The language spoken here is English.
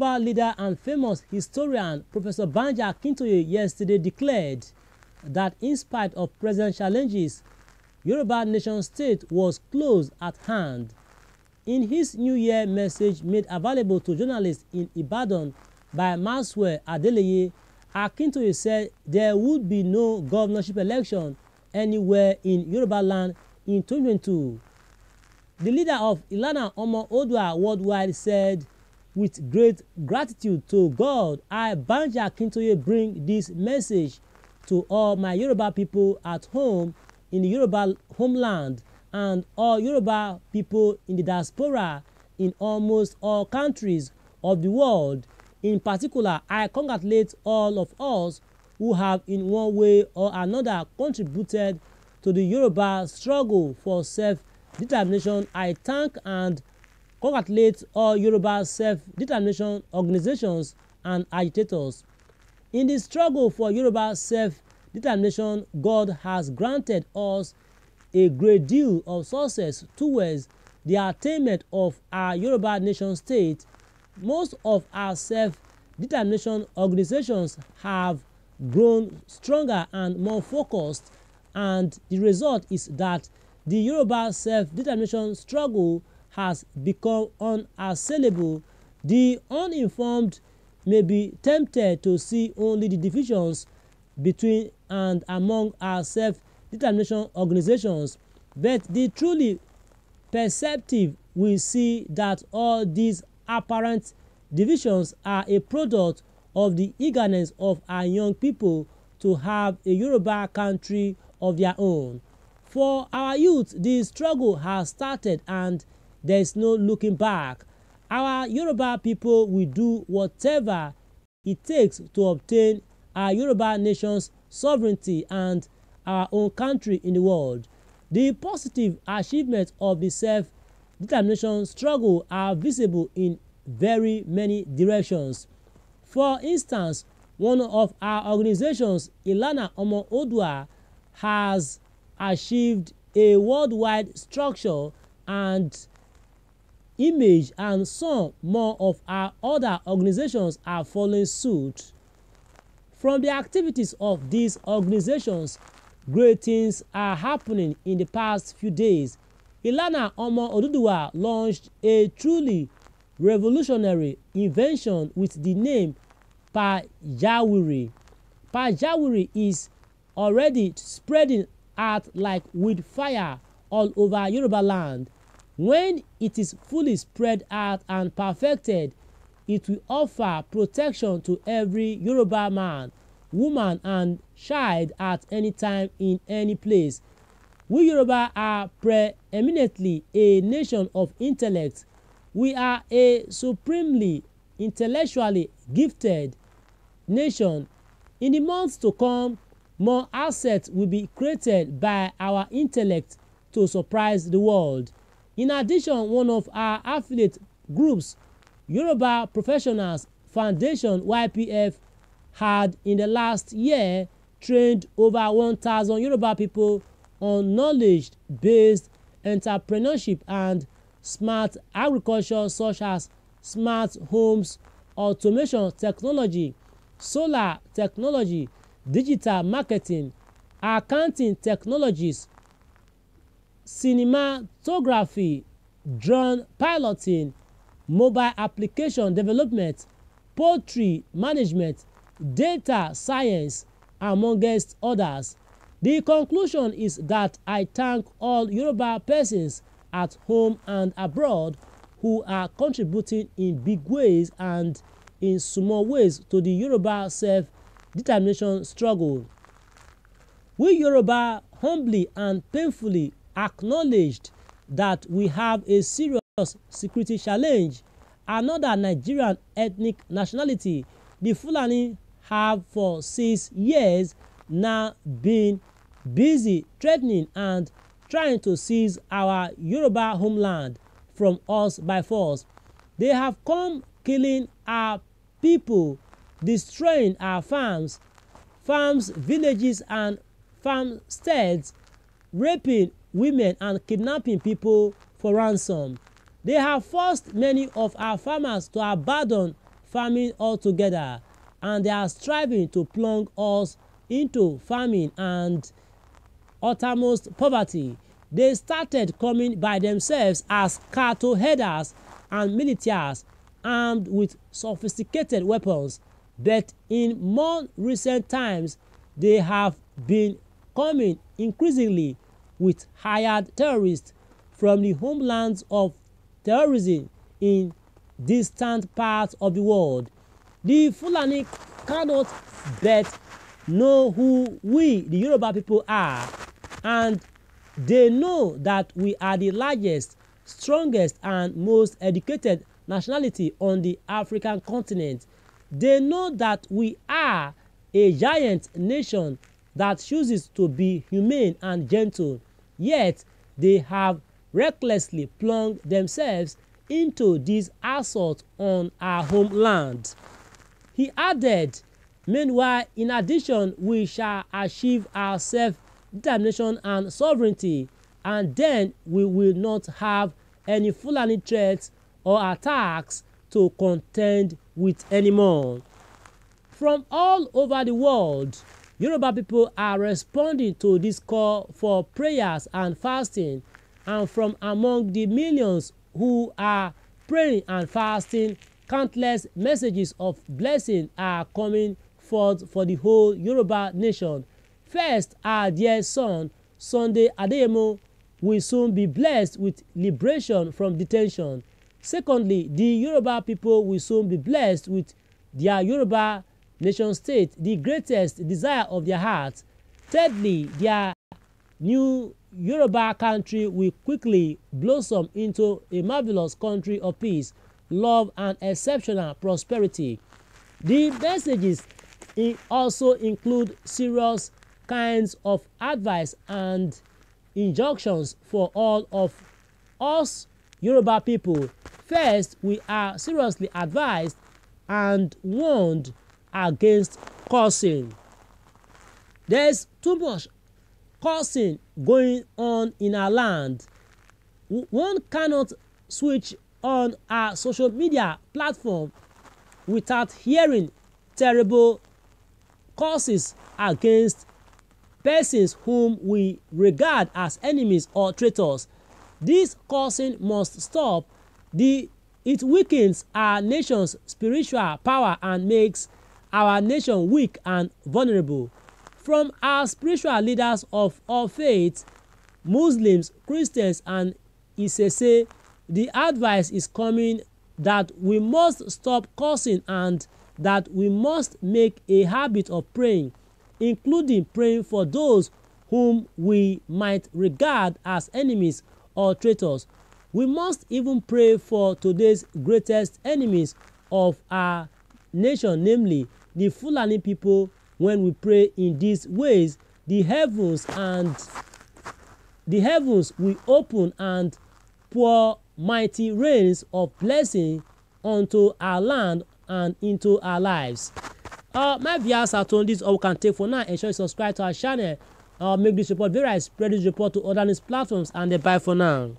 Yoruba leader and famous historian Professor Banja Akintoye yesterday declared that in spite of present challenges, Yoruba nation-state was close at hand. In his New Year message made available to journalists in Ibadan by Maswe Adeleye, Akintoye said there would be no governorship election anywhere in Yoruba land in 2022. The leader of Ilana Omo Odua Worldwide said With great gratitude to God, I, Banji Akintoye, bring this message to all my Yoruba people at home in the Yoruba homeland and all Yoruba people in the diaspora in almost all countries of the world. In particular, I congratulate all of us who have in one way or another contributed to the Yoruba struggle for self-determination. I thank and congratulates all Yoruba self-determination organizations and agitators. In the struggle for Yoruba self-determination, God has granted us a great deal of success towards the attainment of our Yoruba nation state. Most of our self-determination organizations have grown stronger and more focused, and the result is that the Yoruba self-determination struggle has become unassailable, the uninformed may be tempted to see only the divisions between and among our self-determination organizations, but the truly perceptive will see that all these apparent divisions are a product of the eagerness of our young people to have a Yoruba country of their own. For our youth, the struggle has started and There is no looking back. Our Yoruba people will do whatever it takes to obtain our Yoruba nation's sovereignty and our own country in the world. The positive achievements of the self-determination struggle are visible in very many directions. For instance, one of our organizations, Ilana Omo Odua, has achieved a worldwide structure and Image and some more of our other organizations are following suit. From the activities of these organizations, great things are happening in the past few days. Ilana Omo Oduduwa launched a truly revolutionary invention with the name Pajawiri. Pajawiri is already spreading out like with fire all over Yoruba land. When it is fully spread out and perfected, it will offer protection to every Yoruba man, woman, and child at any time in any place. We Yoruba are preeminently a nation of intellect. We are a supremely intellectually gifted nation. In the months to come, more assets will be created by our intellect to surprise the world. In addition, one of our affiliate groups, Yoruba Professionals Foundation YPF, had in the last year trained over 1,000 Yoruba people on knowledge-based entrepreneurship and smart agriculture such as smart homes, automation technology, solar technology, digital marketing, accounting technologies, cinematography, drone piloting, mobile application development, poultry management, data science, amongst others. The conclusion is that I thank all Yoruba persons at home and abroad who are contributing in big ways and in small ways to the Yoruba self-determination struggle. We Yoruba humbly and painfully acknowledged that we have a serious security challenge. Another Nigerian ethnic nationality, the Fulani, have for six years now been busy threatening and trying to seize our Yoruba homeland from us by force. They have come killing our people, destroying our farms, farms, villages, and farmsteads, raping women and kidnapping people for ransom. They have forced many of our farmers to abandon farming altogether, and they are striving to plunge us into famine and uttermost poverty. They started coming by themselves as cattle herders and militias armed with sophisticated weapons, but in more recent times, they have been coming increasingly with hired terrorists from the homelands of terrorism in distant parts of the world. The Fulani cannot bet know who we, the Yoruba people, are, and they know that we are the largest, strongest, and most educated nationality on the African continent. They know that we are a giant nation that chooses to be humane and gentle. Yet, they have recklessly plunged themselves into this assault on our homeland. He added, Meanwhile, in addition, we shall achieve our self-determination and sovereignty, and then we will not have any Fulani threats or attacks to contend with anymore. From all over the world, Yoruba people are responding to this call for prayers and fasting, and from among the millions who are praying and fasting, countless messages of blessing are coming forth for the whole Yoruba nation. First, our dear son, Sunday Adeyemo, will soon be blessed with liberation from detention. Secondly, the Yoruba people will soon be blessed with their Yoruba nation state the greatest desire of their hearts. Thirdly, their new Yoruba country will quickly blossom into a marvelous country of peace, love, and exceptional prosperity. The messages also include serious kinds of advice and injunctions for all of us Yoruba people. First, we are seriously advised and warned against cursing. There's too much cursing going on in our land. One cannot switch on our social media platform without hearing terrible curses against persons whom we regard as enemies or traitors. This cursing must stop. The, it weakens our nation's spiritual power and makes our nation weak and vulnerable. From our spiritual leaders of all faiths, Muslims, Christians, and Isese, the advice is coming that we must stop cursing and that we must make a habit of praying, including praying for those whom we might regard as enemies or traitors. We must even pray for today's greatest enemies of our nation, namely the Fulani people when we pray in these ways, the heavens and the heavens will open and pour mighty rains of blessing onto our land and into our lives. Uh, my viewers are told this all we can take for now. Ensure you subscribe to our channel. Uh, make this report very spread this report to other news platforms and bye for now.